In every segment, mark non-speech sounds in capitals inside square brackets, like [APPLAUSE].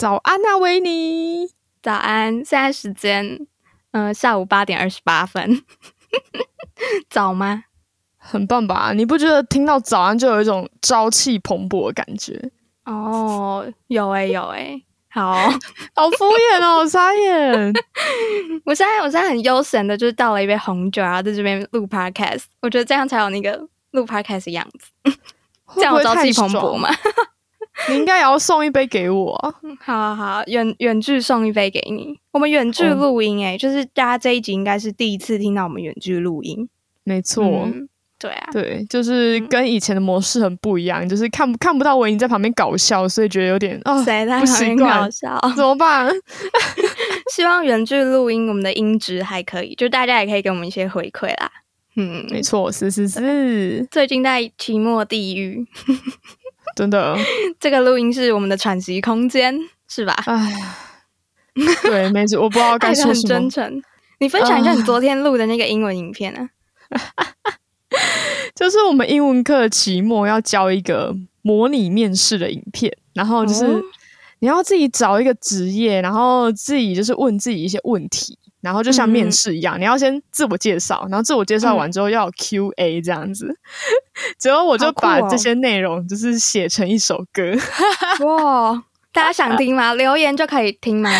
早安、啊，娜維尼。早安，現在時間，嗯、呃，下午八點二十八分。 [LAUGHS] 早嗎？很棒吧？你不覺得聽到早安就有一種朝氣蓬勃的感覺？哦，有哎、欸欸，有哎，好，好敷衍哦，好 [LAUGHS] 傻眼。我現在，我現在很悠閒的，就是倒了一杯紅酒啊，然後在這邊錄 podcast。我覺得這樣才有那個錄 podcast 的樣子， [LAUGHS] 這樣有朝氣蓬勃嗎？ [LAUGHS] 你應該也要送一杯給我，好好好，遠遠距送一杯給你。我們遠距錄音哎、欸嗯，就是大家這一集應該是第一次聽到我們遠距錄音，沒錯、嗯，對啊，對，就是跟以前的模式很不一樣，就是看、嗯、看不到我已經在旁邊搞笑，所以覺得有點哦、啊，不習慣，搞笑怎麼辦？ [LAUGHS] 希望遠距錄音我們的音質還可以，就大家也可以給我們一些回饋啦。嗯，沒錯，是是是。最近在期末地獄。真的，這個錄音是我們的喘息空間，是吧？哎，對，沒錯，我不知道該說什麼 [LAUGHS] 是很真誠。你分享一下你昨天錄的那個英文影片啊。 [LAUGHS] 就是我們英文課期末要交一個模擬面試的影片，然後就是你要自己找一個職業，哦、然後自己就是問自己一些問題。然後就像面試一樣，嗯，你要先自我介紹，然後自我介紹完之後要 Q A 這樣子。之、嗯、後 [LAUGHS] 我就把這些內容就是寫成一首歌。哇、哦， [LAUGHS] 大家想聽嗎、啊？留言就可以聽嗎？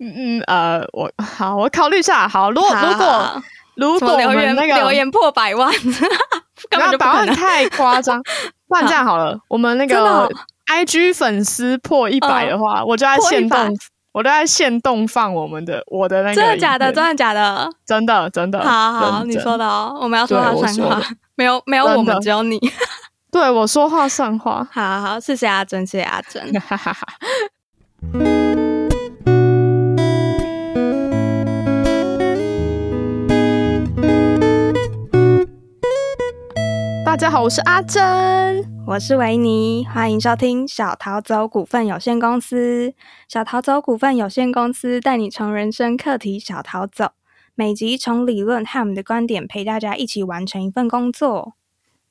嗯呃，我好，我考慮一下。好，如果好好如果好好如果我、那個、留言那個留言破百萬， [LAUGHS] 剛剛不要百萬太誇張。不然這樣好了，好我們那個、哦、I G 粉絲破一百的話，嗯、我就要限動。我都在限動放我們的，我的那個，真的假的？真的假的？真的假的？真的真的。好好，你說的哦，我們要說話算話， [LAUGHS] 沒有沒有，我們，只有你。 [LAUGHS] 對，我說話算話。好好，謝謝阿珍，謝謝阿珍。 [LAUGHS] [LAUGHS] 大家好，我是阿珍，我是維尼，歡迎收聽《小逃走股份有限公司》。小逃走股份有限公司帶你從人生課題小逃走，每集從理論和我們的觀點陪大家一起完成一份工作，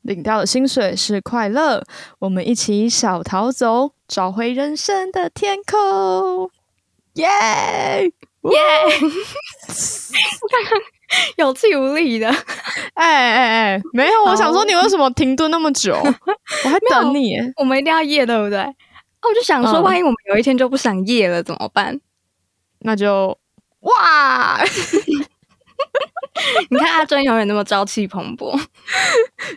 領到的薪水是快樂。我們一起小逃走，找回人生的天空。耶耶！我看看。有氣無力的，哎哎哎，沒有， [LAUGHS] 我想說你為什麼停頓那麼久 [LAUGHS] 沒？我還等你， [LAUGHS] 我們一定要夜，對不對？啊、我就想說，萬一我們有一天就不想夜了怎麼辦？嗯、那就哇！ [LAUGHS] [LAUGHS] 你看阿尊永遠那麼朝氣蓬勃，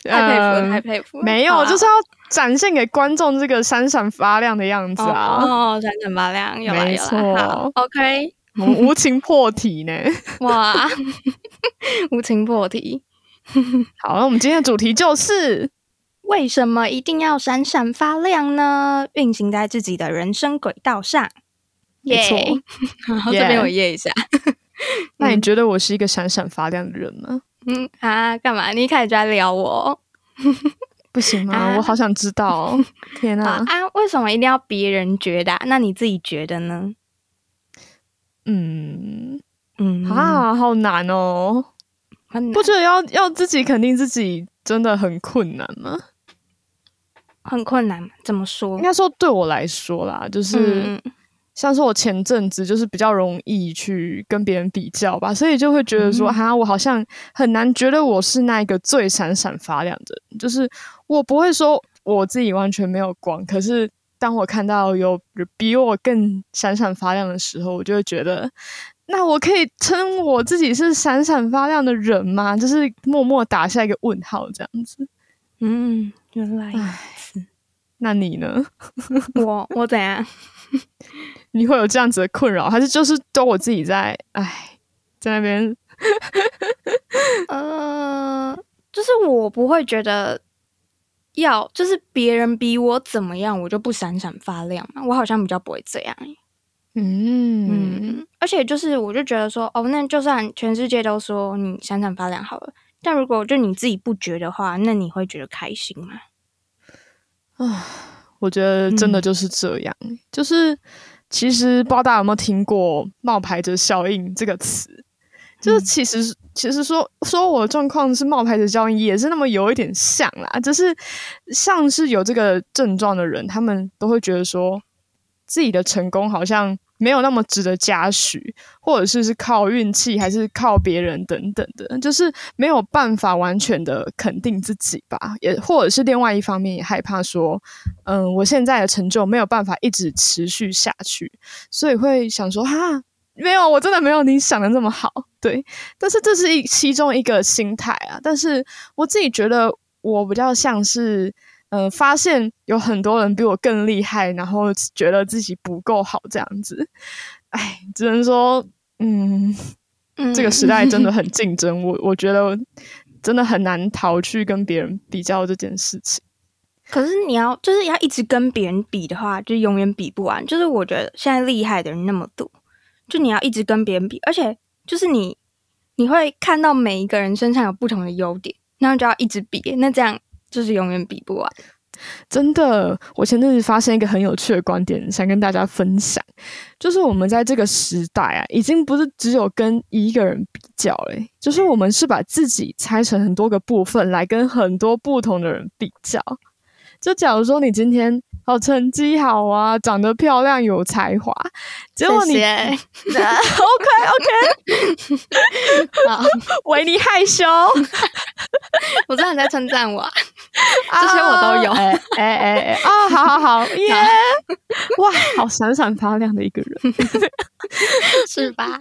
太佩服了，太佩服了。沒有、啊，就是要展現給觀眾這個閃閃發亮的樣子啊！哦，哦，哦，閃閃發亮，有啦有啦，好，OK。 [LAUGHS] 無情破題呢 [LAUGHS] ？哇，無情破題。 [LAUGHS] 好了，我們今天的主題就是為什麼一定要閃閃發亮呢？運行在自己的人生軌道上，耶！這邊我念一下。Yeah. [LAUGHS] 那你覺得我是一個閃閃發亮的人嗎？嗯啊，幹嘛？你一開始就在撩我？ [LAUGHS] 不行嗎、啊？我好想知道、哦。天哪、啊！啊，為什麼一定要別人覺得、啊？那你自己覺得呢？嗯嗯啊，好難哦！很難不覺得要要自己肯定自己真的很困難嗎？很困難？怎麼說？應該說對我來說啦，就是、嗯、像是我前陣子就是比較容易去跟別人比較吧，所以就會覺得說，哈、嗯啊，我好像很難覺得我是那個最閃閃發亮的，就是我不會說我自己完全沒有光，可是。當我看到有比我更閃閃發亮的時候，我就會覺得，那我可以稱我自己是閃閃發亮的人嗎？就是默默打下一個問號這樣子。嗯，原來。唉，那你呢？ [LAUGHS] 我我怎樣？你會有這樣子的困擾，還是就是都我自己在唉，在那邊？嗯， [LAUGHS] [LAUGHS] 呃，就是我不會覺得。要就是別人比我怎麼樣，我就不閃閃發亮嘛。我好像比較不會這樣，欸，嗯嗯。而且就是，我就覺得說，哦，那就算全世界都說你閃閃發亮好了，但如果就你自己不覺得的話，那你會覺得開心嗎？啊，我覺得真的就是這樣，嗯，就是其實不知道大家有沒有聽過“冒牌者效應”這個詞。就是其實，其實說說我的狀況是冒牌的交易，也是那麼有一點像啦。就是像是有這個症狀的人，他們都會覺得說自己的成功好像沒有那麼值得嘉許，或者是是靠運氣，還是靠別人等等的，就是沒有辦法完全的肯定自己吧。也或者是另外一方面，也害怕說，嗯，我現在的成就沒有辦法一直持續下去，所以會想說，哈。沒有，我真的沒有你想的那麼好，對。但是這是一其中一個心態啊。但是我自己覺得我比較像是，嗯、呃，發現有很多人比我更厲害，然後覺得自己不夠好這樣子。哎，只能說嗯，嗯，這個時代真的很競爭。 [LAUGHS] 我我覺得真的很難逃去跟別人比較這件事情。可是你要就是要一直跟別人比的話，就永遠比不完。就是我覺得現在厲害的人那麼多。就你要一直跟別人比，而且就是你，你會看到每一個人身上有不同的優點，那就要一直比、欸，那這樣就是永遠比不完。真的，我前陣子發現一個很有趣的觀點，想跟大家分享，就是我們在這個時代啊，已經不是只有跟一個人比較了、欸，就是我們是把自己拆成很多個部分，來跟很多不同的人比較。就假如說你今天哦，成績好啊，長得漂亮，有才華，結果你謝謝 [LAUGHS] OK OK，好，維、oh. 尼害羞， [LAUGHS] 我知道你在稱讚我、啊，oh, 這些我都有，哎哎哎，啊、欸，欸欸 oh, 好,好,好，好、 [LAUGHS] yeah，好，耶，哇，好閃閃發亮的一個人， [LAUGHS] [LAUGHS] 是吧？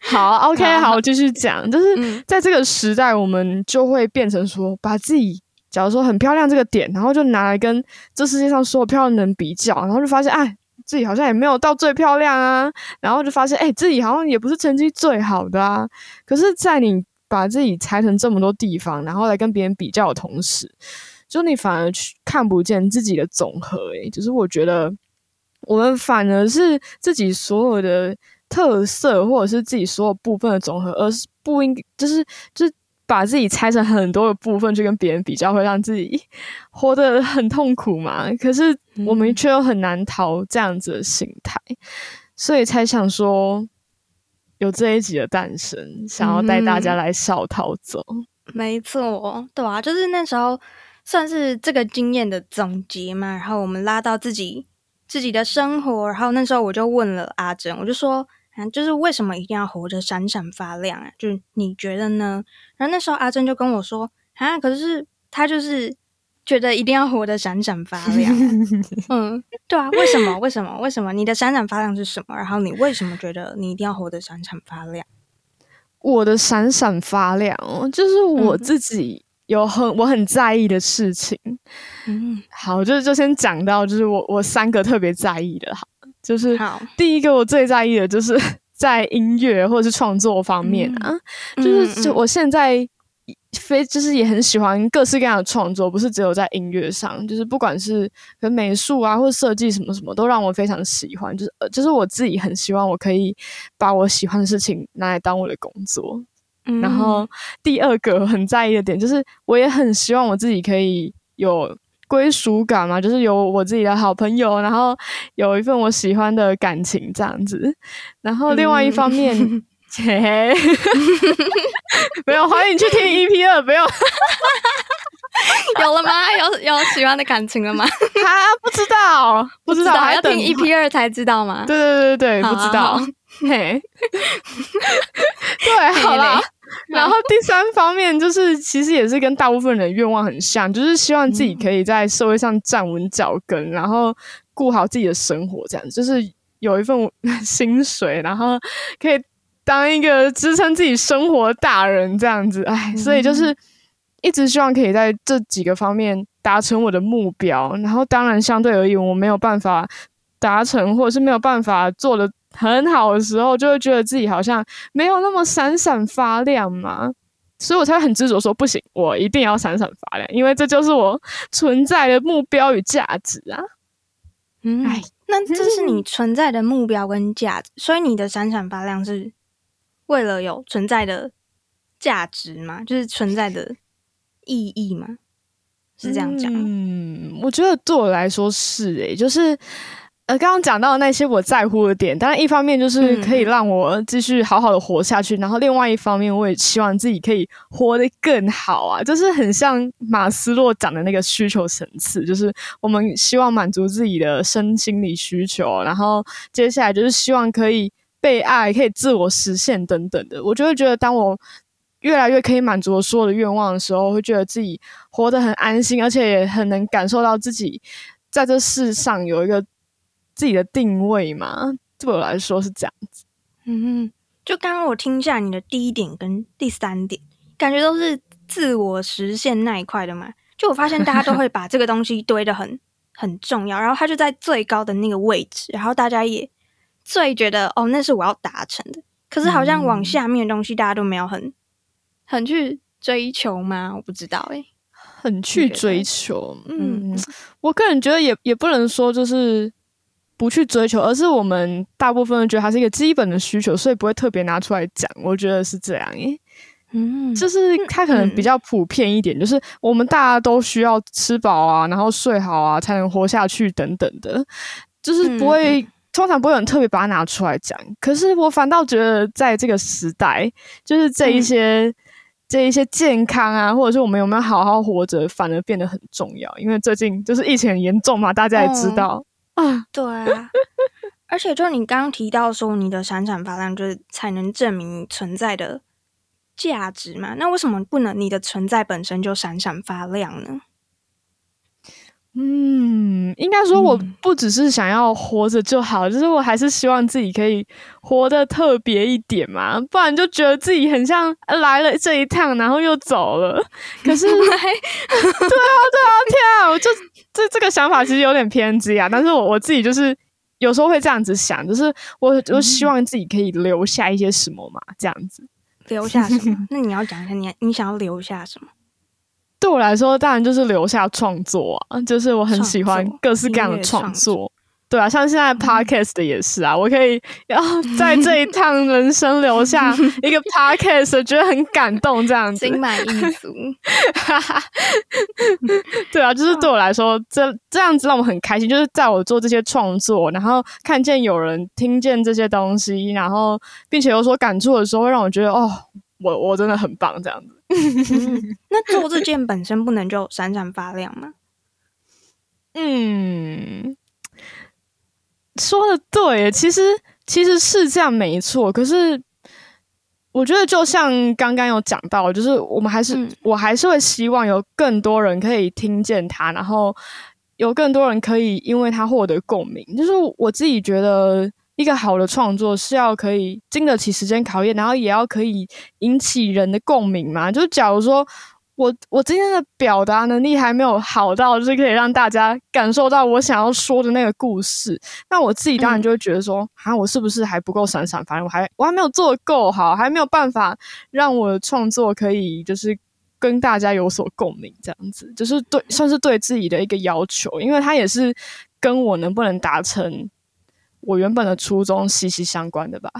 好，OK，、no. 好，我繼續講，就是在這個時代，我們就會變成說，mm. 把自己。假如說很漂亮這個點，然後就拿來跟這世界上所有漂亮的人比較，然後就發現，哎，自己好像也沒有到最漂亮啊。然後就發現，哎，自己好像也不是成績最好的啊。可是，在你把自己拆成這麼多地方，然後來跟別人比較的同時，就你反而去看不見自己的總和，欸。哎，就是我覺得，我們反而是自己所有的特色，或者是自己所有部分的總和，而是不應就是就是。就是把自己拆成很多的部分，去跟別人比較，會讓自己活得很痛苦嘛？可是我們卻又很難逃這樣子的心態，嗯，所以才想說有這一集的誕生，想要帶大家來小逃走，嗯。沒錯，對吧，啊？就是那時候算是這個經驗的總結嘛。然後我們拉到自己自己的生活，然後那時候我就問了阿珍，我就說。啊、就是為什麼一定要活得閃閃發亮啊？就是你覺得呢？然後那時候阿珍就跟我說：“啊，可是他就是覺得一定要活得閃閃發亮、啊。 [LAUGHS] ”嗯，對啊，為什麼？為什麼？為什麼？你的閃閃發亮是什麼？然後你為什麼覺得你一定要活得閃閃發亮？我的閃閃發亮就是我自己有很我很在意的事情。嗯，好，就是就先講到，就是我我三個特別在意的，哈。就是第一個我最在意的就是在音樂或者是創作方面啊，就是就我現在非就是也很喜歡各式各樣的創作，不是只有在音樂上，就是不管是可美術啊或者設計什麼什麼，都讓我非常喜歡。就是就是我自己很希望我可以把我喜歡的事情拿來當我的工作。然後第二個很在意的點就是，我也很希望我自己可以有。歸屬感嘛，就是有我自己的好朋友，然後有一份我喜歡的感情這樣子。然後另外一方面，嗯、 [LAUGHS] [LAUGHS] 沒有，歡迎你去聽 EP 二，沒有 [LAUGHS] [LAUGHS] 有了嗎？有有喜歡的感情了嗎？他不知道，不知道，不知道還等我要聽 EP 二才知道嗎？對對對對，對、啊、不知道，啊啊 hey. [LAUGHS] [LAUGHS] 對嘿對好了。 [LAUGHS] 然後第三方面就是，其實也是跟大部分人的願望很像，就是希望自己可以在社會上站穩腳跟，嗯、然後顧好自己的生活，這樣就是有一份薪水，然後可以當一個支撐自己生活的大人這樣子。哎、嗯，所以就是一直希望可以在這幾個方面達成我的目標。然後當然相對而言，我沒有辦法達成，或者是沒有辦法做的。很好的時候，就會覺得自己好像沒有那麼閃閃發亮嘛，所以我才會很執着說不行，我一定要閃閃發亮，因為這就是我存在的目標與價值啊。嗯，哎，那這是你存在的目標跟價值，所以你的閃閃發亮是為了有存在的價值嘛，就是存在的意義嘛，是這樣講？嗯，我覺得對我來說是哎、欸，就是。呃，剛剛講到的那些我在乎的點，當然一方面就是可以讓我繼續好好的活下去，嗯、然後另外一方面，我也希望自己可以活得更好啊，就是很像馬斯洛講的那個需求層次，就是我們希望滿足自己的身心理需求，然後接下來就是希望可以被愛，可以自我實現等等的。我就會覺得，當我越來越可以滿足我所有的願望的時候，我會覺得自己活得很安心，而且也很能感受到自己在這世上有一個，自己的定位嘛，對我來說是這樣子。嗯嗯，就剛剛我聽下你的第一點跟第三點，感覺都是自我實現那一塊的嘛。就我發現大家都會把這個東西堆得很 [LAUGHS] 很重要，然後它就在最高的那個位置，然後大家也最覺得哦，那是我要達成的。可是好像往下面的東西，大家都沒有很、嗯、很去追求嗎？我不知道哎、欸，很去追求。嗯，我個人覺得也也不能說就是。不去追求，而是我們大部分人覺得它是一個基本的需求，所以不會特別拿出來講。我覺得是這樣耶，嗯，就是它可能比較普遍一點，嗯、就是我們大家都需要吃飽啊，然後睡好啊，才能活下去等等的，就是不會，嗯、通常不會很特別把它拿出來講。可是我反倒覺得，在這個時代，就是這一些、嗯、這一些健康啊，或者是我們有沒有好好活着，反而變得很重要，因為最近就是疫情很嚴重嘛，大家也知道。嗯.啊、oh. [LAUGHS] 對啊，而且就你剛剛提到說，你的閃閃發亮就是才能證明你存在的價值嘛，那為什麼不能你的存在本身就閃閃發亮呢？嗯。應該說，我不只是想要活着就好、嗯，就是我還是希望自己可以活得特別一點嘛，不然就覺得自己很像來了這一趟，然後又走了。可是， [LAUGHS] [LAUGHS] 對啊對啊，對啊，天啊，我就這這個想法其實有點偏激啊，但是我我自己就是有時候會這樣子想，就是我我就希望自己可以留下一些什麼嘛，這樣子。留下什麼？ [LAUGHS] 那你要講一下，你你想要留下什麼？對我來說，當然就是留下創作啊，就是我很喜歡各式各樣的創作，創作創作對啊，像現在 podcast 的也是啊，嗯，我可以要在這一趟人生留下一個 podcast，我 [LAUGHS] 覺得很感動，這樣子，心滿意足。 [LAUGHS] [LAUGHS] 對啊，就是對我來說，這這樣子讓我很開心，就是在我做這些創作，然後看見有人聽見這些東西，然後並且有所感觸的時候，會讓我覺得哦。我我真的很棒，這樣子。 [LAUGHS] 那做這件事本身不能就閃閃發亮嗎？ [LAUGHS] 嗯，說的對，其實其實是這樣沒錯。可是我覺得，就像剛剛有講到，就是我們還是、嗯、我還是會希望有更多人可以聽見它，然後有更多人可以因為它獲得共鳴。就是我自己覺得。一個好的創作是要可以經得起時間考驗，然後也要可以引起人的共鳴嘛。就是假如說我我今天的表達能力還沒有好到，就是可以讓大家感受到我想要說的那個故事，那我自己當然就會覺得說、嗯、啊，我是不是還不夠閃閃？反正我還我還沒有做夠好，還沒有辦法讓我的創作可以就是跟大家有所共鳴，這樣子就是對算是對自己的一個要求，因為他也是跟我能不能達成。我原本的初衷息息相關的吧、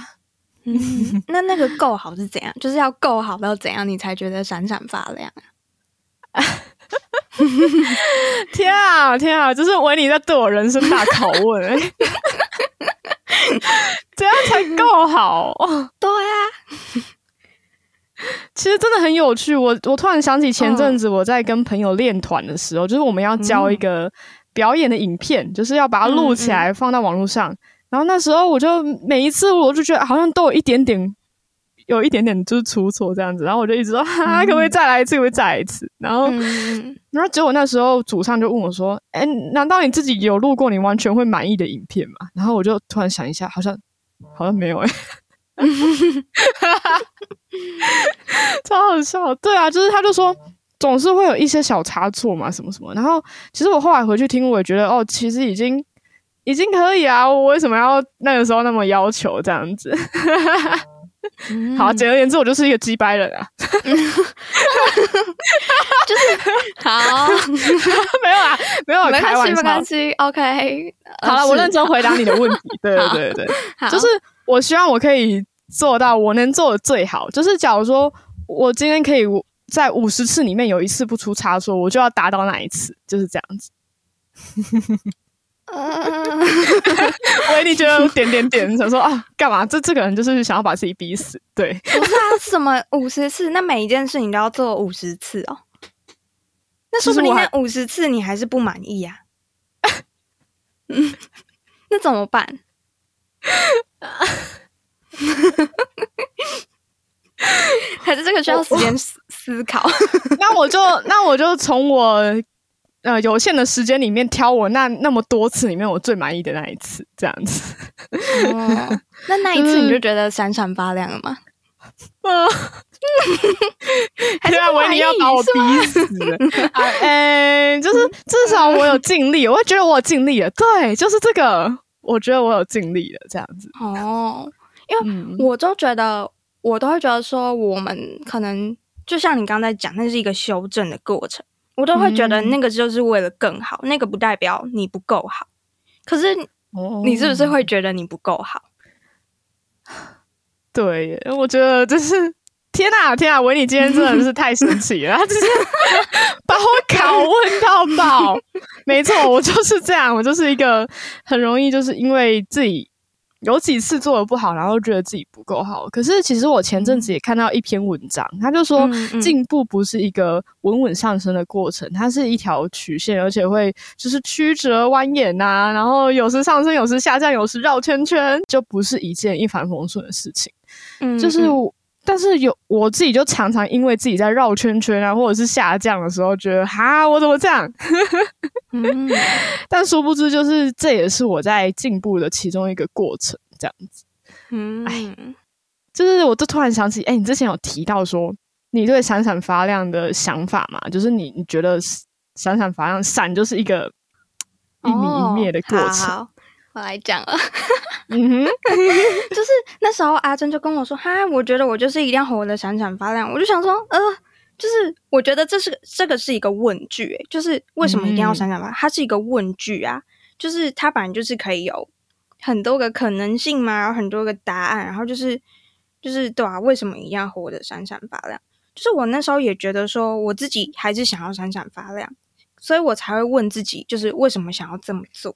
嗯。那那個夠好是怎樣？就是要夠好到怎樣你才覺得閃閃發亮？ [LAUGHS] 天啊天啊！就是維你在對我人生大拷問、欸。怎 [LAUGHS] 樣才夠好、哦？對啊。其實真的很有趣。我我突然想起前陣子我在跟朋友練團的時候、哦，就是我們要交一個表演的影片，嗯、就是要把它錄起來放到網絡上。嗯嗯然後那時候我就每一次我就覺得好像都有一點點，有一點點就是出錯這樣子。然後我就一直說，哈哈可不可以再來一次？嗯、可不可以再來一次。然後，嗯、然後結果那時候主唱就問我說：“哎，難道你自己有錄過你完全會滿意的影片嗎？”然後我就突然想一下，好像好像沒有哈、欸、 [LAUGHS] [LAUGHS] [LAUGHS] 超好笑。對啊，就是他就說總是會有一些小差錯嘛，什麼什麼。然後其實我後來回去聽，我也覺得哦，其實已經。已經可以啊，我為什麼要那個時候那麼要求這樣子？ [LAUGHS] 嗯、好，簡而言之，我就是一個雞掰人啊， [LAUGHS] 嗯、 [LAUGHS] 就是好 [LAUGHS] [LAUGHS] 沒、啊，沒有啊，沒有，沒關係，沒關係，OK。好了、okay, 啊，我認真回答你的問題。 [LAUGHS] 對對對對，就是我希望我可以做到我能做的最好。就是假如說我今天可以在五十次裡面有一次不出差錯，我就要達到那一次，就是這樣子。 [LAUGHS] 嗯 [LAUGHS] [LAUGHS] 我一定覺得點點點想說啊，幹嘛？這這個人就是想要把自己逼死，對。不是啊，什麼五十次？那每一件事你都要做五十次哦？那說不定那五十次你還是不滿意啊？嗯，那怎麼辦？ [LAUGHS] [LAUGHS] 還是這個需要時間思考 [LAUGHS] 那？那我就那我就從我。呃，有限的時間裡面挑我那那麼多次裡面，我最滿意的那一次，這樣子。哦、那那一次你就覺得閃閃發亮了嗎？啊、嗯，對、嗯、啊，我一定要把我逼死。哎、啊欸，就是至少我有盡力、嗯，我會覺得我有盡力了、嗯。對，就是這個，我覺得我有盡力了，這樣子。哦，因為我都覺得，嗯、我都會覺得說，我們可能就像你剛才講，那是一個修正的過程。我都會覺得那個就是為了更好，嗯、那個不代表你不夠好。可是，Oh. 你是不是會覺得你不夠好？對，我覺得就是天啊天啊！維尼今天真的是太神奇了，就是把我拷問到爆。沒錯，我就是這樣，我就是一個很容易就是因為自己。有幾次做得不好，然後覺得自己不夠好。可是其實我前陣子也看到一篇文章，他就說進、嗯嗯、步不是一個穩穩上升的過程，它是一條曲線，而且會就是曲折蜿蜒吶、啊，然後有時上升，有時下降，有時繞圈圈，就不是一件一帆風順的事情。就是、嗯，就、嗯、是。但是有我自己就常常因為自己在繞圈圈啊，或者是下降的時候，覺得哈，我怎麼這樣？ [LAUGHS] 嗯、但殊不知，就是這也是我在進步的其中一個過程，這樣子。嗯，哎，就是我就突然想起，哎、欸，你之前有提到說你對閃閃發亮的想法嘛？就是你你覺得閃閃發亮，閃就是一個一明一滅的過程。哦好好。我來講了 [LAUGHS] [LAUGHS] 就是那時候阿珍就跟我說：“嗨， [LAUGHS] 我覺得我就是一定要活得閃閃發亮。”我就想說，呃，就是我覺得這是這個是一個問句，欸，就是為什麼一定要閃閃發亮，嗯？它是一個問句啊，就是它本來就是可以有很多個可能性嘛，然後很多個答案，然後就是就是對吧，啊？為什麼一定要活得閃閃發亮？就是我那時候也覺得說，我自己還是想要閃閃發亮，所以我才會問自己，就是為什麼想要這麼做？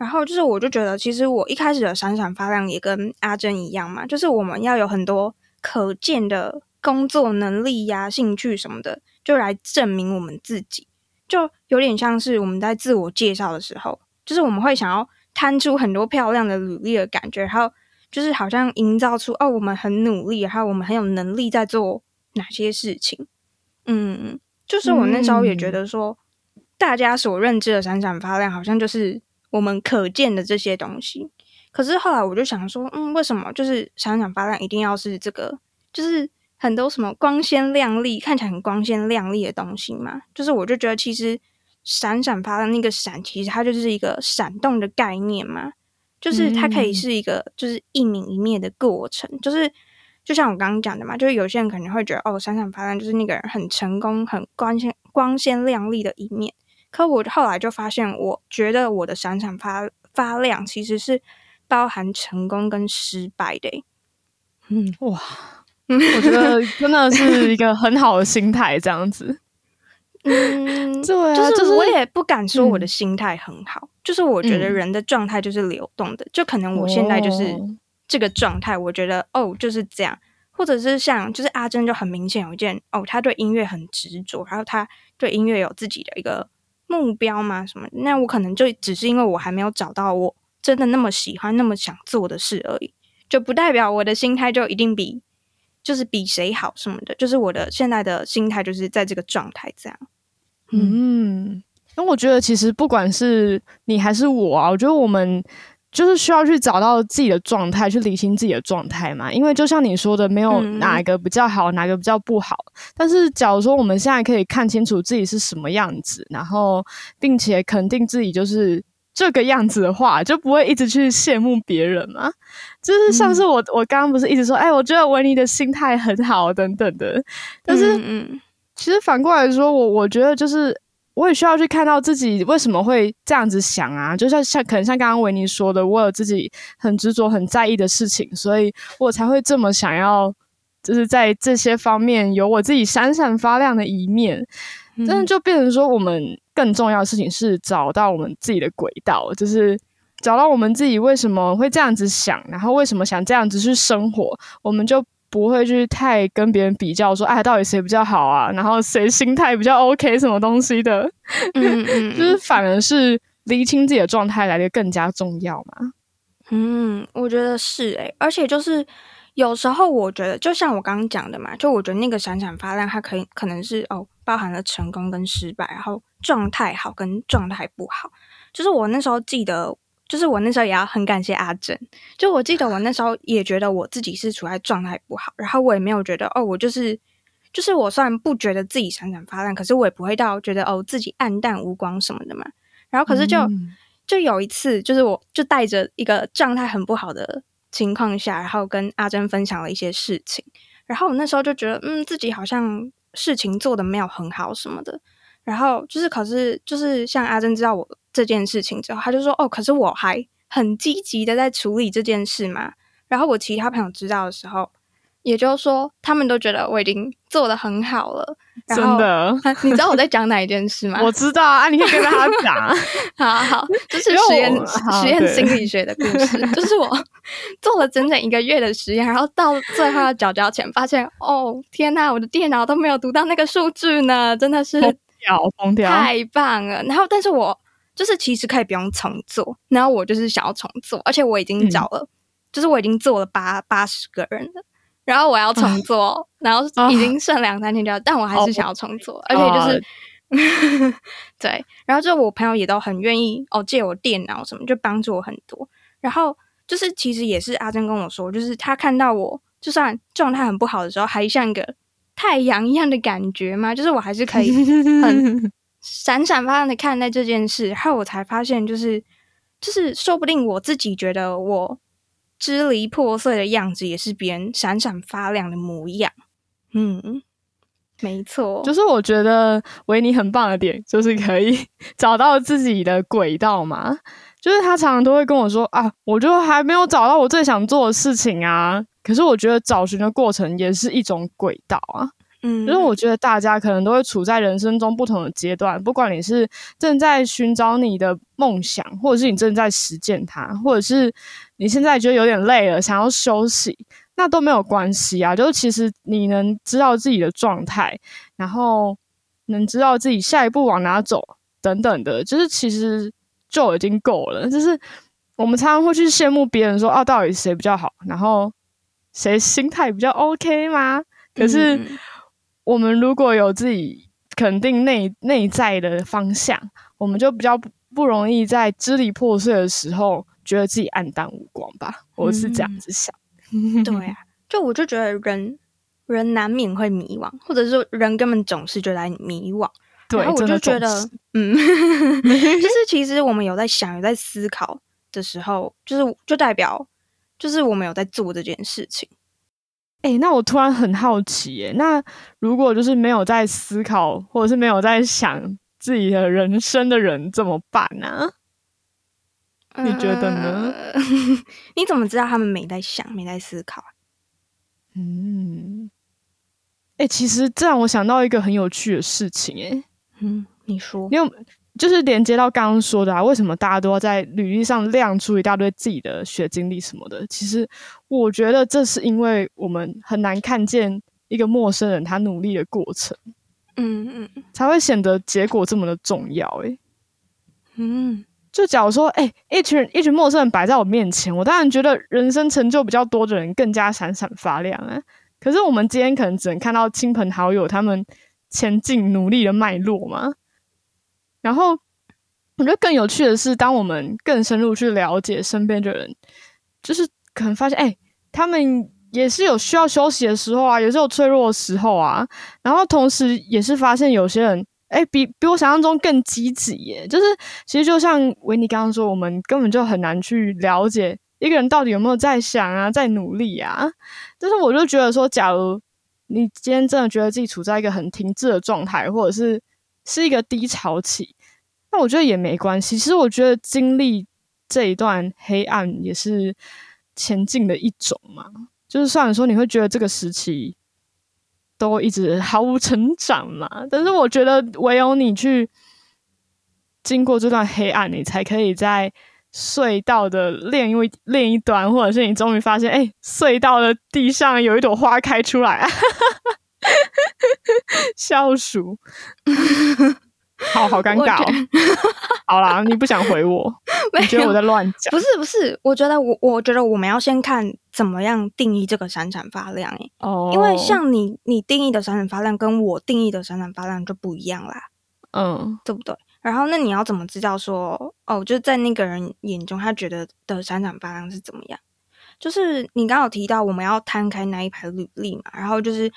然後就是，我就覺得，其實我一開始的閃閃發亮也跟阿珍一樣嘛，就是我們要有很多可見的工作能力呀、啊、興趣什麼的，就來證明我們自己，就有點像是我們在自我介紹的時候，就是我們會想要攤出很多漂亮的履歷的感覺，然後就是好像營造出哦，我們很努力，還有我們很有能力在做哪些事情。嗯，就是我那時候也覺得說，嗯、大家所認知的閃閃發亮好像就是。我們可見的這些東西，可是後來我就想說，嗯，為什麼就是閃閃發亮一定要是這個？就是很多什麼光鮮亮麗、看起來很光鮮亮麗的東西嘛，就是我就覺得其實閃閃發亮那個閃，其實它就是一個閃動的概念，嘛，就是它可以是一個就是一明一滅的過程，嗯，就是就像我剛剛講的嘛，就是有些人可能會覺得哦，閃閃發亮就是那個人很成功、很光鮮光鮮亮麗的一面。可我後來就發現，我覺得我的閃閃發發亮其實是包含成功跟失敗的、欸。嗯，哇， [LAUGHS] 我覺得真的是一個很好的心態，這樣子。 [LAUGHS] 嗯，對、啊，就是我也不敢說我的心態很好、就是嗯，就是我覺得人的狀態就是流動的、嗯，就可能我現在就是這個狀態，我覺得哦，哦就是這樣，或者是像就是阿珍就很明顯有一件哦，他對音樂很執着，然後他對音樂有自己的一個。目標嘛，什麼的，那我可能就只是因為我還沒有找到我真的那麼喜歡、那麼想做的事而已，就不代表我的心態就一定比就是比誰好什麼的。就是我的現在的心態就是在這個狀態這樣嗯。嗯，那我覺得其實不管是你還是我，啊，我覺得我們。就是需要去找到自己的狀態，去理清自己的狀態嘛。因為就像你說的，沒有哪個比較好，嗯嗯，哪個比較不好。但是假如說我們現在可以看清楚自己是什麼樣子，然後並且肯定自己就是這個樣子的話，就不會一直去羨慕別人嘛。就是像是我、嗯、我剛剛不是一直說，哎、欸，我覺得維尼的心態很好等等的。但是，嗯嗯，其實反過來說，我我覺得就是。我也需要去看到自己為什麼會這樣子想啊，就像像可能像剛剛維尼說的，我有自己很執着、很在意的事情，所以我才會這麼想要，就是在這些方面有我自己閃閃發亮的一面。真的就變成說，我們更重要的事情是找到我們自己的軌道，就是找到我們自己為什麼會這樣子想，然後為什麼想這樣子去生活，我們就。不會去太跟別人比較說，說哎，到底誰比較好啊？然後誰心態比較 OK 什麼東西的？嗯、 [LAUGHS] 就是反而是理清自己的狀態來得更加重要嘛。嗯，我覺得是哎、欸，而且就是有時候我覺得，就像我剛剛講的嘛，就我覺得那個閃閃發亮，它可以可能是哦，包含了成功跟失敗，然後狀態好跟狀態不好。就是我那時候記得。就是我那時候也要很感謝阿珍，就我記得我那時候也覺得我自己是處在狀態不好，然後我也沒有覺得哦，我就是，就是我雖然不覺得自己閃閃發亮，可是我也不會到覺得哦自己黯淡無光什麼的嘛。然後可是就、嗯、就有一次，就是我就帶着一個狀態很不好的情況下，然後跟阿珍分享了一些事情，然後我那時候就覺得嗯，自己好像事情做的沒有很好什麼的，然後就是可是就是像阿珍知道我。這件事情之後，他就說：“哦，可是我還很積極的在處理這件事嘛。”然後我其他朋友知道的時候，也就是說，他們都覺得我已經做得很好了。真的、啊，你知道我在講哪一件事嗎？ [LAUGHS] 我知道啊，你可以跟他講。好 [LAUGHS] 好，這、就是實驗實驗心理學的故事， [LAUGHS] 就是我做了整整一個月的實驗，然後到最後的腳腳前，發現哦，天哪，我的電腦都沒有讀到那個數據呢，真的是瘋掉瘋掉太棒了。然後，但是我。就是其實可以不用重做，然後我就是想要重做，而且我已經找了，嗯、就是我已經做了八八十個人了，然後我要重做，啊、然後已經剩兩三天了、啊，但我還是想要重做，啊、而且就是，啊、 [LAUGHS] 對，然後就是我朋友也都很願意哦借我電腦什麼，就幫助我很多。然後就是其實也是阿珍跟我說，就是他看到我就算狀態很不好的時候，還像個太陽一樣的感覺嘛，就是我還是可以很。 [LAUGHS] 閃閃發亮的看待這件事後，我才發現、就是，就是就是，說不定我自己覺得我支離破碎的樣子，也是別人閃閃發亮的模樣。嗯，沒錯，就是我覺得維尼很棒的點，就是可以 [LAUGHS] 找到自己的軌道嘛。就是他常常都會跟我說啊，我就還沒有找到我最想做的事情啊。可是我覺得找尋的過程也是一種軌道啊。嗯，因為我覺得大家可能都會處在人生中不同的階段，不管你是正在尋找你的夢想，或者是你正在實踐它，或者是你現在覺得有點累了，想要休息，那都沒有關係啊。就是其實你能知道自己的狀態，然後能知道自己下一步往哪走，等等的，就是其實就已經夠了。就是我們常常會去羨慕別人說，說啊，到底誰比較好，然後誰心態比較 OK 嗎？可是。嗯我們如果有自己肯定內內在的方向，我們就比較不不容易在支離破碎的時候覺得自己暗淡無光吧。我是這樣子想。嗯、對啊，就我就覺得人人難免會迷惘，或者是人根本總是覺得迷惘。對，我就覺得，嗯， [LAUGHS] 就是其實我們有在想、有在思考的時候，就是就代表就是我們有在做這件事情。哎、欸，那我突然很好奇、欸，耶。那如果就是沒有在思考，或者是沒有在想自己的人生的人怎麼辦呢、啊？你覺得呢？Uh, [LAUGHS] 你怎麼知道他們沒在想、沒在思考、啊？嗯，哎、欸，其實這讓我想到一個很有趣的事情、欸，哎，嗯，你說，你有？就是連接到剛剛說的啊，為什麼大家都要在履歷上亮出一大堆自己的學經歷什麼的？其實我覺得這是因為我們很難看見一個陌生人他努力的過程，嗯嗯，才會顯得結果這麼的重要。誒，嗯，就假如說，誒、欸，一群人，一群陌生人擺在我面前，我當然覺得人生成就比較多的人更加閃閃發亮啊。可是我們今天可能只能看到親朋好友他們前進努力的脈絡嘛。然後我覺得更有趣的是，當我們更深入去了解身邊的人，就是可能發現，哎、欸，他們也是有需要休息的時候啊，也是有脆弱的時候啊。然後同時也是發現有些人，哎、欸，比比我想象中更積極耶。就是其實就像維尼剛剛說，我們根本就很難去了解一個人到底有沒有在想啊，在努力啊。但是我就覺得說，假如你今天真的覺得自己處在一個很停滯的狀態，或者是。是一個低潮期，那我覺得也沒關係。其實我覺得經歷這一段黑暗也是前進的一種嘛。就是雖然說你會覺得這個時期都一直毫無成長嘛，但是我覺得唯有你去經過這段黑暗，你才可以在隧道的另一另一端，或者是你終於發現，哎、欸，隧道的地上有一朵花開出來啊。 [LAUGHS] 笑鼠 [LAUGHS] [LAUGHS] [LAUGHS] 好好尷尬哦。 [LAUGHS] 好了，你不想回我？ [LAUGHS] 你覺得我在亂講？不是不是，我覺得我我覺得我們要先看怎麼樣定義這個閃閃發亮哎哦，oh. 因為像你你定義的閃閃發亮跟我定義的閃閃發亮就不一樣啦，嗯、oh.，對不對？然後那你要怎麼知道說哦，就是在那個人眼中他覺得的閃閃發亮是怎麼樣？就是你剛好提到我們要攤開那一排履歷嘛，然後就是。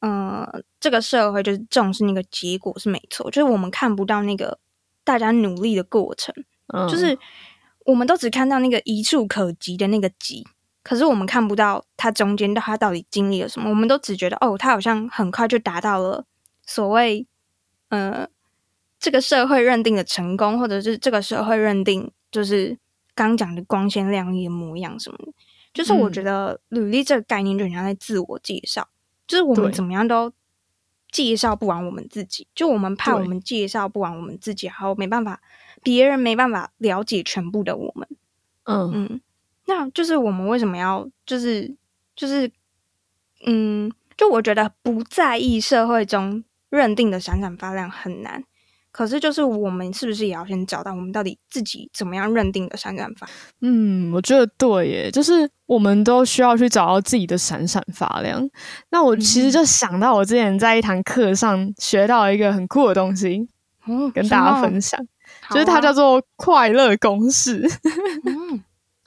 呃，這個社會就是重視那個結果是沒錯，就是我們看不到那個大家努力的過程，嗯、就是我們都只看到那個一觸可及的那個極，可是我們看不到他中間他到，到底經歷了什麼，我們都只覺得哦，他好像很快就達到了所謂呃這個社會認定的成功，或者是這個社會認定就是剛講的光鮮亮麗的模樣什麼的，就是我覺得履歷這個概念，就很像在自我介紹。嗯就是我們怎麼樣都介紹不完我們自己，就我們怕我們介紹不完我們自己，然後沒辦法，別人沒辦法了解全部的我們。嗯、uh. 嗯，那就是我們為什麼要，就是就是，嗯，就我覺得不在意社會中認定的閃閃發亮很難。可是，就是我們是不是也要先找到我們到底自己怎麼樣認定的閃閃發？嗯，我覺得對耶，就是我們都需要去找到自己的閃閃發亮。那我其實就想到我之前在一堂課上學到一個很酷的東西，哦、跟大家分享，就是它叫做快樂公式、啊 [LAUGHS] 嗯。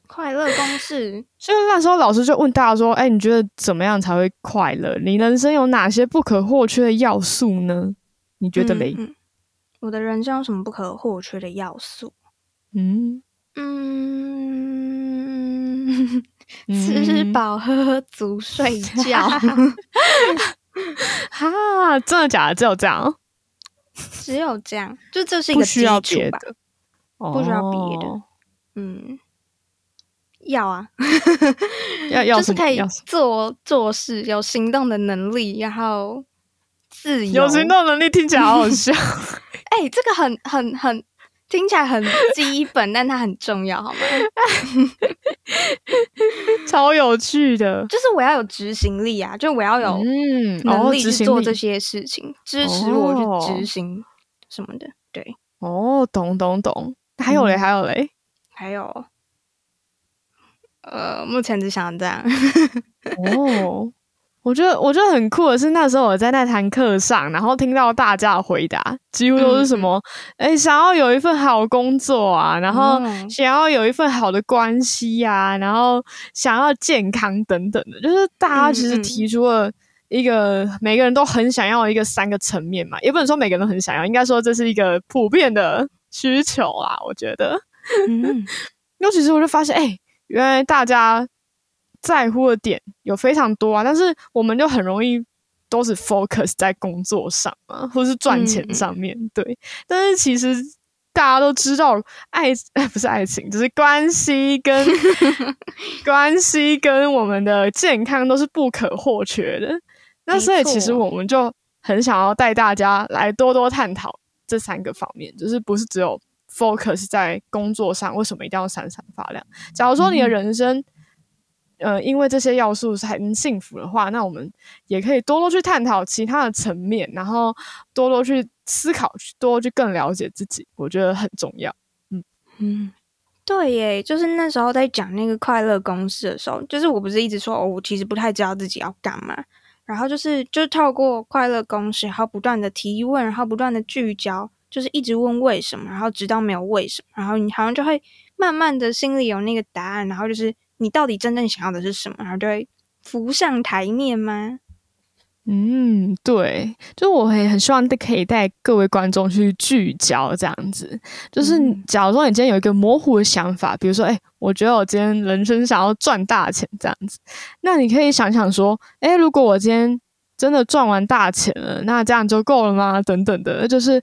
快樂公式。所以那時候老師就問大家說：“哎、欸，你覺得怎麼樣才會快樂？你人生有哪些不可或缺的要素呢？你覺得嘞？”嗯嗯我的人生有什麼不可或缺的要素？嗯嗯，吃飽喝，喝足睡覺、嗯。哈、 [LAUGHS] [LAUGHS] [LAUGHS] 啊，真的假的？只有這樣？只有這樣？就這是一個基礎吧？不需要別的、哦、不需要別的？嗯，要啊，要要， [LAUGHS] 就是可以做做事，有行動的能力，然後。自由，有行動能力聽起來好好笑，哎、 [LAUGHS] 欸，這個很很很聽起來很基本， [LAUGHS] 但它很重要，好嗎？ [LAUGHS] 超有趣的，就是我要有執行力啊，就我要有嗯能力去做這些事情，嗯哦、支持我去執行什麼的，哦、對，哦，懂懂懂，還有嘞、嗯，還有嘞，還有，呃，目前只想到這樣， [LAUGHS] 哦。我覺得，我覺得很酷的是，那時候我在那堂課上，然後聽到大家的回答，幾乎都是什麼，誒、嗯欸、想要有一份好工作啊，然後想要有一份好的關係啊，然後想要健康等等的，就是大家其實提出了一個，嗯嗯每個人都很想要的一個三個層面嘛，也不能說每個人都很想要，應該說這是一個普遍的需求啊，我覺得。那、嗯、 [LAUGHS] 其實我就發現，誒、欸、原來大家。在乎的點有非常多啊，但是我們就很容易都是 focus 在工作上啊，或是賺錢上面，嗯，對。但是其實大家都知道愛，愛、呃、不是愛情，只、就是關係跟 [LAUGHS] [LAUGHS] 關係跟我們的健康都是不可或缺的。那所以其實我們就很想要帶大家來多多探討這三個方面，就是不是只有 focus 在工作上，為什麼一定要閃閃發亮？假如說你的人生。嗯呃，因為這些要素才能幸福的話，那我們也可以多多去探討其他的層面，然後多多去思考，去多，多去更了解自己，我覺得很重要。嗯嗯，對耶，就是那時候在講那個快樂公式的時候，就是我不是一直說，哦，我其實不太知道自己要幹嘛，然後就是就是透過快樂公式，然後不斷的提問，然後不斷的聚焦，就是一直問為什麼，然後直到沒有為什麼，然後你好像就會慢慢的心裡有那個答案，然後就是。你到底真正想要的是什麼？然後就會浮上台面嗎？嗯，對，就我也很希望可以帶各位觀眾去聚焦這樣子。就是假如說你今天有一個模糊的想法，嗯、比如說，哎、欸，我覺得我今天人生想要賺大錢這樣子，那你可以想想說，哎、欸，如果我今天真的賺完大錢了，那這樣就夠了嗎？等等的，就是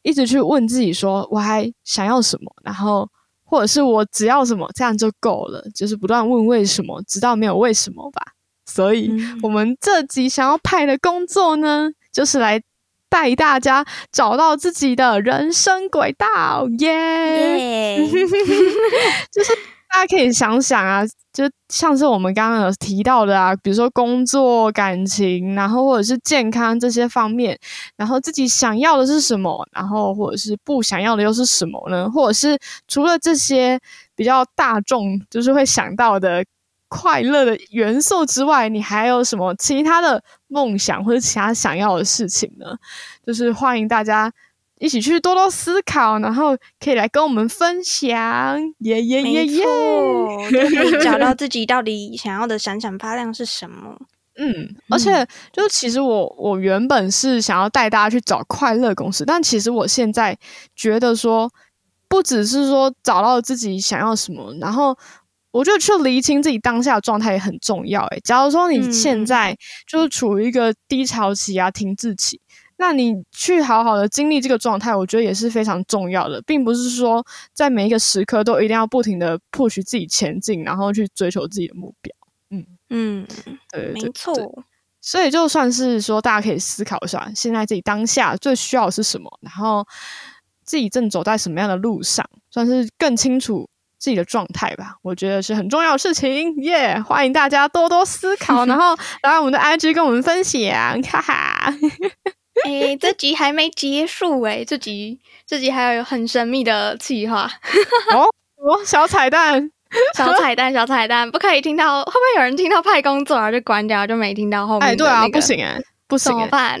一直去問自己說，我還想要什麼？然後。或者是我只要什麼這樣就夠了，就是不斷問為什麼，直到沒有為什麼吧。所以、嗯、我們這集想要派的工作呢，就是來帶大家找到自己的人生軌道，耶、yeah! yeah.！ [LAUGHS] 就是。 [LAUGHS] 大家可以想想啊，就像是我們剛剛有提到的啊，比如說工作、感情，然後或者是健康這些方面，然後自己想要的是什麼，然後或者是不想要的又是什麼呢？或者是除了這些比較大眾就是會想到的快樂的元素之外，你還有什麼其他的夢想或者其他想要的事情呢？就是歡迎大家。一起去多多思考，然後可以來跟我們分享，耶耶耶耶，找到自己到底想要的閃閃發亮是什麼。 [LAUGHS] 嗯，而且、嗯、就其實我我原本是想要帶大家去找快樂公司，但其實我現在覺得說，不只是說找到自己想要什麼，然後我就去釐清自己當下的狀態也很重要。誒，假如說你現在就是處於一個低潮期啊、停滯期。嗯那你去好好的經歷這個狀態，我覺得也是非常重要的，並不是說在每一個時刻都一定要不停的 push 自己前進，然後去追求自己的目標。嗯嗯，對，對，對，沒錯。所以就算是說，大家可以思考一下，現在自己當下最需要的是什麼，然後自己正走在什麼樣的路上，算是更清楚自己的狀態吧。我覺得是很重要的事情。耶、yeah!，歡迎大家多多思考， [LAUGHS] 然後來我們的 IG 跟我們分享，哈哈。 [LAUGHS] 哎、欸，這集還沒結束，哎、欸，這集這集還有很神秘的企劃 [LAUGHS] 哦哦，小彩蛋， [LAUGHS] 小彩蛋，小彩蛋，不可以聽到，會不會有人聽到派工作然、啊、後就關掉，就沒聽到後面、那個？哎、欸，對啊，不行哎、欸，不行、欸，怎麼辦？欸、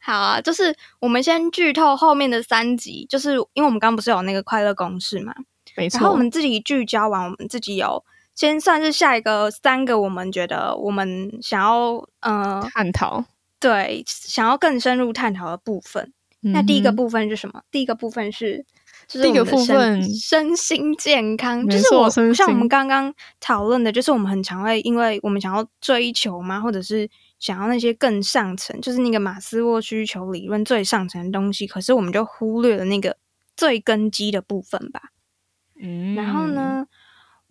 [LAUGHS] 好啊，就是我們先劇透後面的三集，就是因為我們剛不是有那個快樂公式嘛，沒錯。然後我們自己聚焦完，我們自己有先算是下一個三個，我們覺得我們想要嗯、呃、探討。對，想要更深入探討的部分，嗯，那第一個部分是什麼？第一個部分是，就是我們的身部分身心健康，就是我像我們剛剛討論的，就是我們很常會因為我們想要追求嘛，或者是想要那些更上層，就是那個馬斯洛需求理論最上層的東西，可是我們就忽略了那個最根基的部分吧。嗯，然後呢？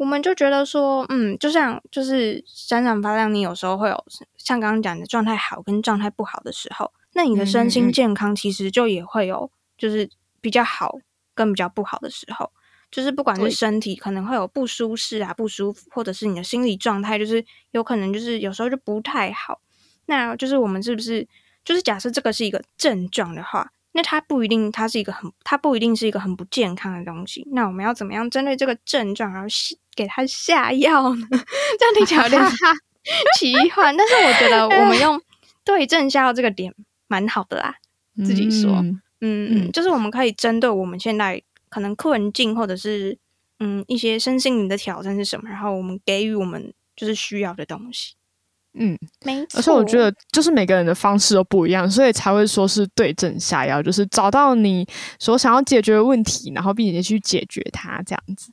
我們就覺得說，嗯，就像就是閃閃發亮，你有時候會有像剛剛講的，狀態好跟狀態不好的時候，那你的身心健康其實就也會有，就是比較好跟比較不好的時候，就是不管是身體可能會有不舒適啊、不舒服，或者是你的心理狀態，就是有可能就是有時候就不太好。那就是我們是不是就是假設這個是一個症狀的話，那它不一定它是一個很它不一定是一個很不健康的東西。那我們要怎麼樣針對這個症狀而給他下藥 [LAUGHS] 這樣聽起來奇幻。 [LAUGHS] 但是我覺得我們用對症下藥這個點蠻好的啦。嗯、自己說嗯嗯，嗯，就是我們可以針對我們現在可能困境，或者是嗯一些身心靈的挑戰是什麼，然後我們給予我們就是需要的東西。嗯，沒錯。而且我覺得，就是每個人的方式都不一樣，所以才會說是對症下藥，就是找到你所想要解決的問題，然後並且去解決它，這樣子。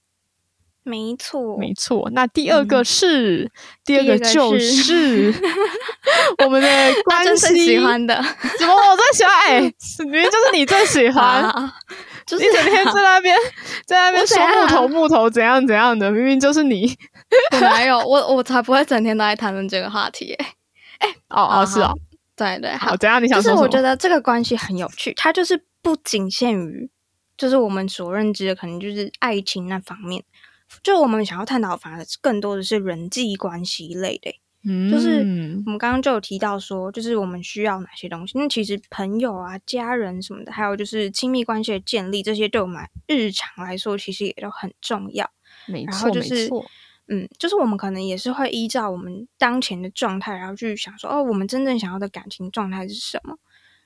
沒錯，沒錯。那第二個是，嗯、第二個就是，個是 [LAUGHS] 我們的關係喜歡的。怎麼我最喜歡、欸？哎， [LAUGHS] 明明就是你最喜歡，好好就是你整天在那邊在那邊說木頭木頭怎樣怎樣的，明明就是你。我沒有，我我才不會整天都在談論這個話題、欸。哎、 [LAUGHS] 欸，哦哦，是哦、啊，對對，對好，好。怎樣你想說什麼、就是、我覺得這個關係很有趣，它就是不僅限於，就是我們所認知的，可能就是愛情那方面。就我們想要探討，反而更多的是人際關係類的、欸。嗯，就是我們剛剛就有提到說，就是我們需要哪些東西。那其實朋友啊、家人什麼的，還有就是親密關係的建立，這些對我們日常來說其實也都很重要。沒錯、然後就是，沒錯。嗯，就是我們可能也是會依照我們當前的狀態，然後去想說，哦，我們真正想要的感情狀態是什麼？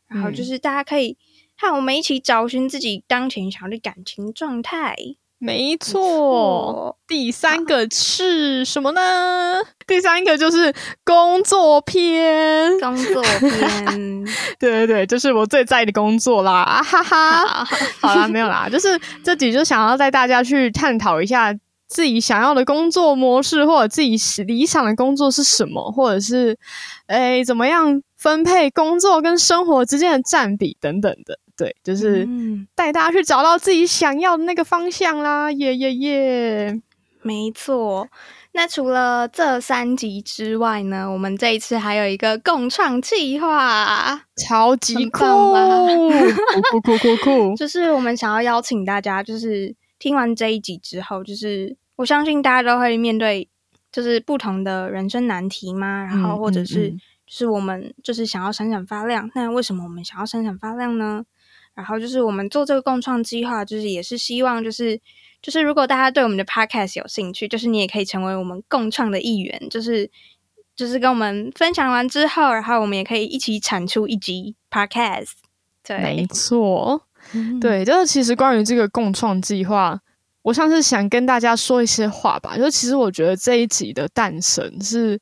然後就是大家可以和我們一起找尋自己當前想要的感情狀態。沒錯，錯，第三個是什麼呢？啊、第三個就是工作篇，工作篇， [LAUGHS] 對對對，就是我最在意的工作啦，啊哈哈， [LAUGHS] 好啦，沒有啦，就是這集就想要帶大家去探討一下自己想要的工作模式，或者自己理想的工作是什麼，或者是誒、欸、怎麼樣分配工作跟生活之間的占比等等的。對，就是帶大家去找到自己想要的那個方向啦！嗯、耶耶耶，沒錯。那除了這三集之外呢，我們這一次還有一個共創企劃，超級酷，酷！酷酷酷酷，酷！ [LAUGHS] 就是我們想要邀請大家，就是聽完這一集之後，就是我相信大家都會面對，就是不同的人生難題嘛。然後或者是、嗯嗯嗯，就是我們就是想要閃閃發亮。那為什麼我們想要閃閃發亮呢？然後就是我們做這個共創計劃，就是也是希望，就是就是如果大家對我們的 podcast 有興趣，就是你也可以成為我們共創的一員，就是就是跟我們分享完之後，然後我們也可以一起產出一集 podcast。對，沒錯，對，嗯、就是其實關於這個共創計劃，我上次想跟大家說一些話吧。就其實我覺得這一集的誕生是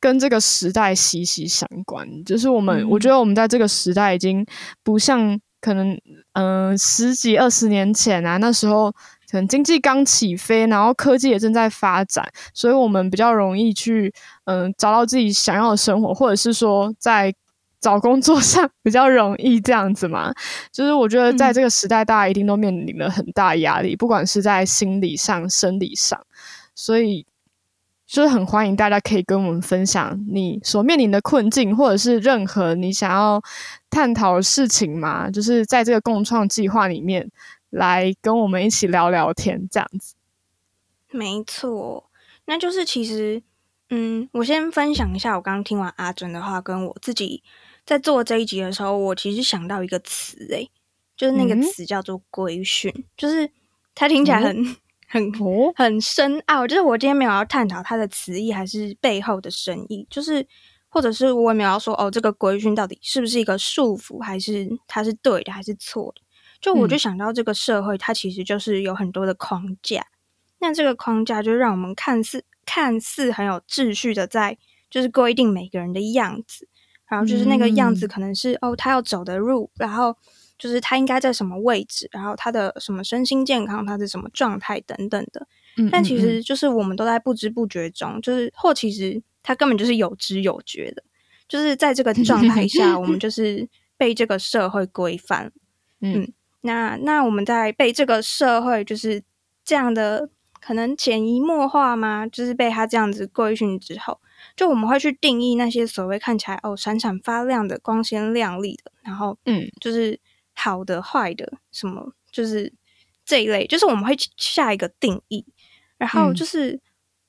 跟這個時代息息相關，就是我們、嗯、我覺得我們在這個時代已經不像。可能，嗯、呃，十幾二十年前啊，那時候可能經濟剛起飛，然後科技也正在發展，所以我們比較容易去，嗯、呃，找到自己想要的生活，或者是說在找工作上比較容易這樣子嘛。就是我覺得在這個時代，大家一定都面臨了很大壓力、嗯，不管是在心理上、生理上，所以。就是很歡迎大家可以跟我們分享你所面臨的困境，或者是任何你想要探討的事情嘛，就是在這個共創計劃裡面來跟我們一起聊聊天，這樣子。沒錯，那就是其實，嗯，我先分享一下我剛剛聽完阿珍的話，跟我自己在做這一集的時候，我其實想到一個詞，哎，就是那個詞叫做規訓、嗯，就是它聽起來很、嗯。很很深奧、啊，就是我今天沒有要探討它的詞義，還是背後的深意，就是或者是我也沒有要說哦，這個規訓到底是不是一個束縛，還是它是對的，還是錯的？就我就想到這個社會、嗯，它其實就是有很多的框架，那這個框架就讓我們看似看似很有秩序的在，就是規定每個人的樣子，然後就是那個樣子可能是、嗯、哦，他要走的路，然後。就是他應該在什麼位置，然後他的什麼身心健康，他的什麼狀態等等的、嗯嗯嗯。但其實就是我們都在不知不覺中，就是或其實他根本就是有知有覺的，就是在這個狀態下， [LAUGHS] 我們就是被這個社會規範、嗯。嗯，那那我們在被這個社會就是這樣的可能潛移默化嗎？就是被他這樣子規訓之後，就我們會去定義那些所謂看起來哦閃閃發亮的、光鮮亮麗的，然後嗯，就是。嗯好的、壞的、什麼，就是這一類，就是我們會下一個定義。然後就是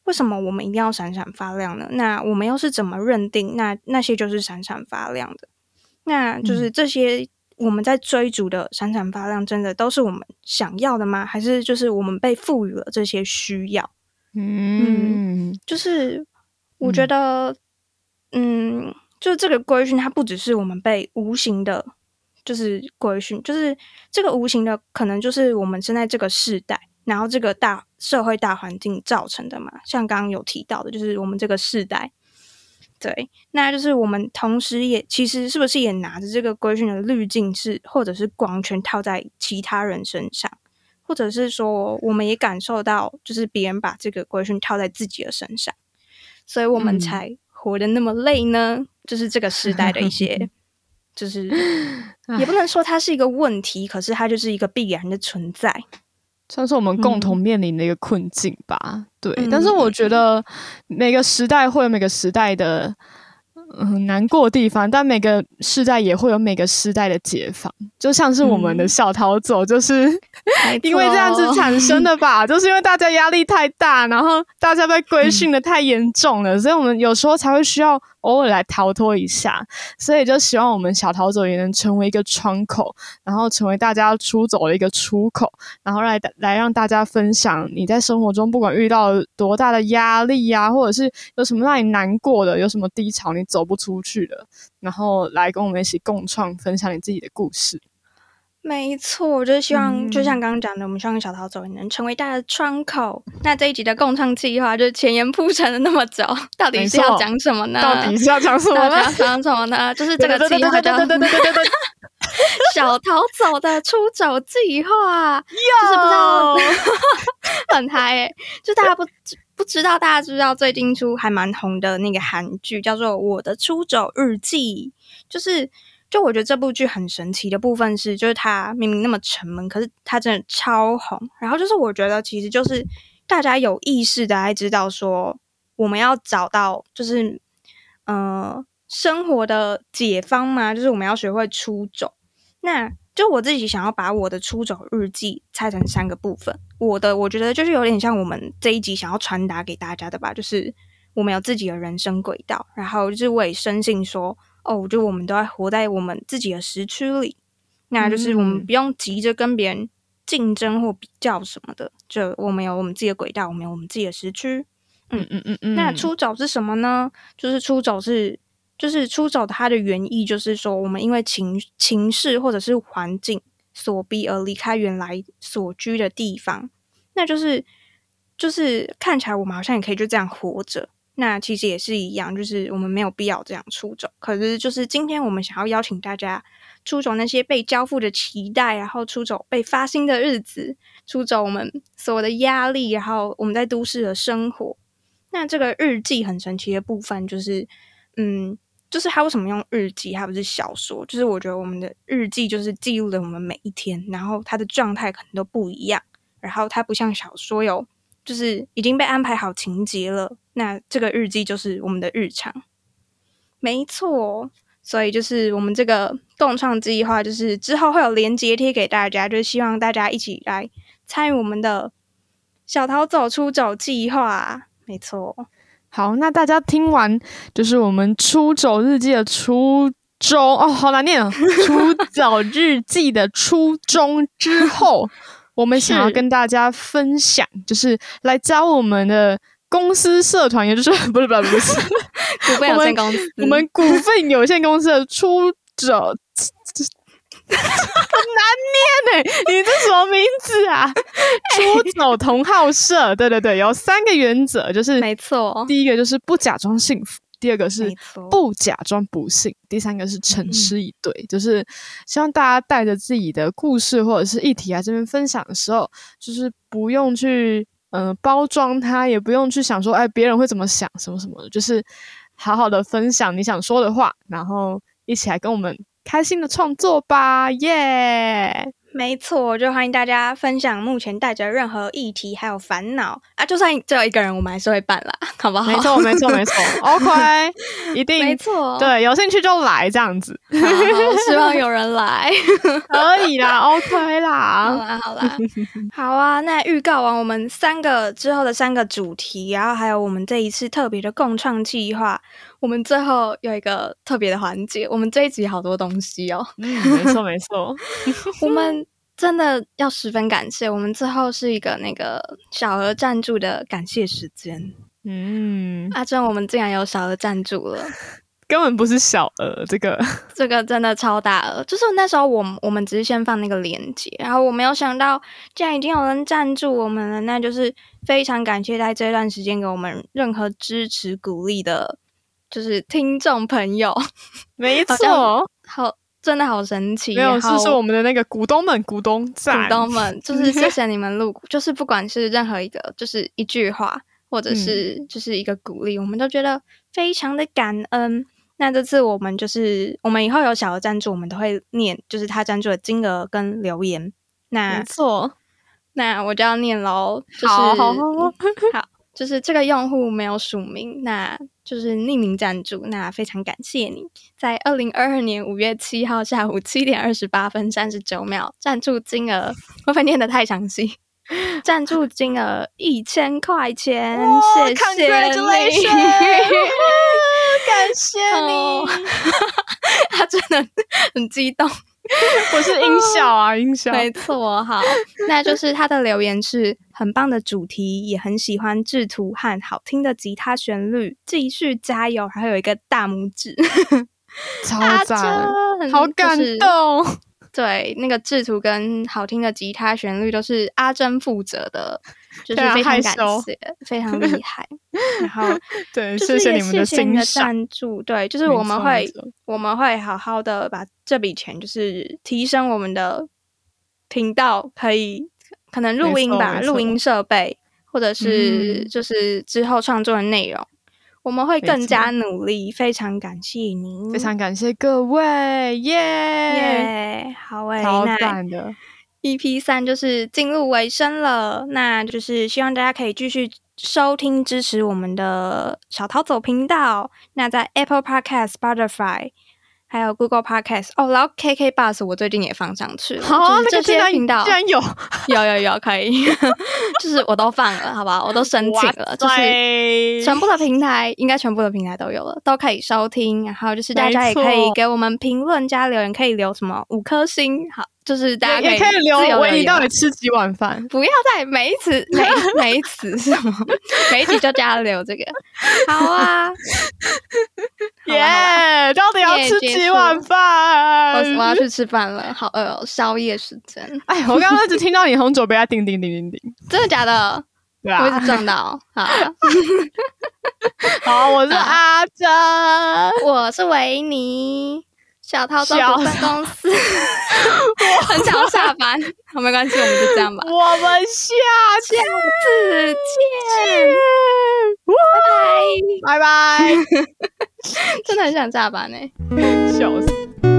為什麼我們一定要閃閃發亮呢？嗯，那我們又是怎麼認定那那些就是閃閃發亮的？那就是這些我們在追逐的閃閃發亮，真的都是我們想要的嗎？還是就是我們被賦予了這些需要？嗯，嗯，就是我覺得，嗯，嗯就這個規訓，它不只是我們被無形的。就是規訓，就是這個無形的，可能就是我們現在這個世代，然後這個大社會大環境造成的嘛。像剛剛有提到的，就是我們這個世代，對，那就是我們同時也其實是不是也拿着這個規訓的濾鏡是，是或者是光圈套在其他人身上，或者是說我們也感受到，就是別人把這個規訓套在自己的身上，所以我們才活得那麼累呢？嗯、就是這個時代的一些。 [LAUGHS] 就是也不能說它是一個問題，可是它就是一個必然的存在，算是我們共同面臨的一個困境吧。嗯、對、嗯，但是我覺得每個時代會有每個時代的嗯難過的地方，但每個世代也會有每個時代的解放。就像是我們的小逃走、嗯，就是因為這樣子產生的吧，就是因為大家壓力太大，然後大家被規訓得太嚴重了、嗯，所以我們有時候才會需要。偶爾來逃脫一下，所以就希望我們小逃走也能成為一個窗口，然後成為大家出走的一個出口，然後來來讓大家分享你在生活中不管遇到多大的壓力呀，或者是有什麼讓你難過的，有什麼低潮你走不出去的。然後來跟我們一起共創，分享你自己的故事。沒錯，就是希望，嗯、就像剛剛講的，我們希望小桃走也能成為大家的窗口。那這一集的共創計劃，就是前言鋪成了那麼早，到底是要講什麼呢？到底是要講什麼？呢講什麼呢？ [LAUGHS] 就是這個計劃 [LAUGHS] 小桃走的出走計劃”， [LAUGHS] 就是不知道 [LAUGHS] 很嗨。哎，就大家不 [LAUGHS] 不知道，大家知道最近出還蠻紅的那個韓劇叫做《我的出走日記》，就是。就我覺得這部劇很神奇的部分是，就是它明明那麼沉悶，可是它真的超紅。然後就是我覺得，其實就是大家有意識的，還知道說我們要找到，就是嗯、呃、生活的解方嘛，就是我們要學會出走。那就我自己想要把我的出走日記拆成三個部分。我的我覺得就是有點像我們這一集想要傳達給大家的吧，就是我們有自己的人生軌道，然後就是我也深信說。哦，就我們都要活在我們自己的時區裡，那就是我們不用急着跟別人競爭或比較什麼的。就我們有我們自己的軌道，我們有我們自己的時區。嗯嗯嗯嗯。那出走是什麼呢？就是出走是，就是出走的它的原意就是說，我們因為情情勢或者是環境所逼而離開原來所居的地方。那就是，就是看起來我們好像也可以就這樣活着。那其實也是一樣，就是我們沒有必要這樣出走。可是，就是今天我們想要邀請大家出走那些被交付的期待，然後出走被發薪的日子，出走我們所有的壓力，然後我們在都市的生活。那這個日記很神奇的部分就是，嗯，就是他為什麼用日記，他不是小說？就是我覺得我們的日記就是記錄了我們每一天，然後他的狀態可能都不一樣，然後它不像小說有，就是已經被安排好情節了。那這個日記就是我們的日常，沒錯。所以就是我們這個共創計劃，就是之後會有連結貼給大家，就是希望大家一起來參與我們的小逃走出走計劃。沒錯。好，那大家聽完就是我們出走日記的初衷哦，好難念啊。出 [LAUGHS] 走日記的初衷之後， [LAUGHS] 我們想要跟大家分享，就是來教我們的。公司社團也就是，不是不是不是，我們我們股份有限公司的出走，很難念呢，欸，你這什麼名字啊？出走同好社，對對對，有三個原則，就是沒錯。第一個就是不假裝幸福，第二個是不假裝不幸，第三個是誠實以對。嗯，就是希望大家帶着自己的故事或者是議題啊來這邊分享的時候，就是不用去。嗯、呃，包裝它也不用去想說，哎，別人會怎麼想什麼什麼的，就是好好的分享你想說的話，然後一起來跟我們開心的創作吧，耶、yeah!！沒錯，就歡迎大家分享目前帶着任何議題還有煩惱啊，就算只有一個人，我們還是會辦啦，好不好？沒錯，沒錯，沒錯 [LAUGHS] ，OK，一定沒錯，對，有興趣就來這樣子，好好 [LAUGHS] 希望有人來可以啦 [LAUGHS] ，OK 啦，好啦好啦 [LAUGHS] 好啊,那預告完我們三個之後的三個主題，然後還有我們這一次特別的共創計劃。我們最後有一個特別的環節，我們這一集好多東西哦。沒 [LAUGHS] 錯、嗯、沒錯，沒錯 [LAUGHS] 我們真的要十分感謝。我們最後是一個那個小額贊助的感謝時間。嗯，阿、啊、珍，我們竟然有小額贊助了，根本不是小額，這個這個真的超大額。就是那時候我們，我我們只是先放那個鏈接，然後我沒有想到，既然已經有人贊助我們了，那就是非常感謝，在這段時間給我們任何支持鼓勵的。就是聽眾朋友沒，沒錯，好，真的好神奇。沒有，就是我們的那個股東們，股東，股東們，就是謝謝你們入股。 [LAUGHS] 就是不管是任何一個，就是一句話，或者是就是一個鼓勵，嗯、我們都覺得非常的感恩。那這次我們就是，我們以後有小額贊助，我們都會念，就是他贊助的金額跟留言。那沒錯，那我就要念嘍，就是好。好好好 [LAUGHS] 就是這個用戶沒有署名，那就是匿名贊助。那非常感謝你在二零二二年五月七號下午七點二十八分三十九秒贊助金額，我 [LAUGHS] 分念的太詳細。贊助金額一千塊錢，謝謝你 [LAUGHS] 恭喜你，感謝你， [LAUGHS] 他真的很激動。 [LAUGHS] 我是音效啊， [LAUGHS] 音效沒錯。好，那就是他的留言是很棒的主題，也很喜歡製圖和好聽的吉他旋律。繼續加油，還有一個大拇指。 [LAUGHS] 超讚！好感動。就是、對，那個製圖跟好聽的吉他旋律都是阿珍負責的。就是、非常感謝，非常厲害，害。 [LAUGHS] 然後，對，謝謝你們的信的贊助。 [LAUGHS] 對，就是我們會，我們會好好的把這筆錢，就是提升我們的頻道，可以可能錄音吧，錄音設備，或者是就是之後創作的內容、嗯，我們會更加努力。非常感謝您，非常感謝各位，耶、yeah! yeah！好哎，好讚的。EP 三就是進入尾聲了，那就是希望大家可以繼續收聽支持我們的小逃走頻道。那在 Apple Podcast、Spotify 還有 Google Podcast 哦，然後 KK Bus 我最近也放上去了。好、啊，就是、這些頻道、那個、居然有，有有有，可以， [LAUGHS] [LAUGHS] 就是我都放了，好吧，我都申請了，就是全部的平台，應該全部的平台都有了，都可以收聽。然後就是大家也可以給我們評論加留言，可以留什麼五顆星，好。就是大家可以也可以留，維尼到底吃幾碗飯？不要再每一次每 [LAUGHS] 每一次什麼 [LAUGHS] 每一次就加留這個。好啊，耶、yeah, 啊啊！到底要吃幾碗飯、yeah,？我要去吃飯了，好餓，宵、呃、夜時間。哎，我剛剛一直聽到你紅酒杯在叮叮叮叮叮， [LAUGHS] 真的假的、啊？我一直撞到。好、啊 [LAUGHS] 好，我是阿珍，我是維尼。小逃走辦公室，我很想下班。好，沒關係，我們就這樣吧。我們下次 [LAUGHS] 們下 [LAUGHS] 們下 [LAUGHS] 見，見，拜拜，拜拜。 [LAUGHS] [LAUGHS] 真的很想下班誒， [LAUGHS] 笑死。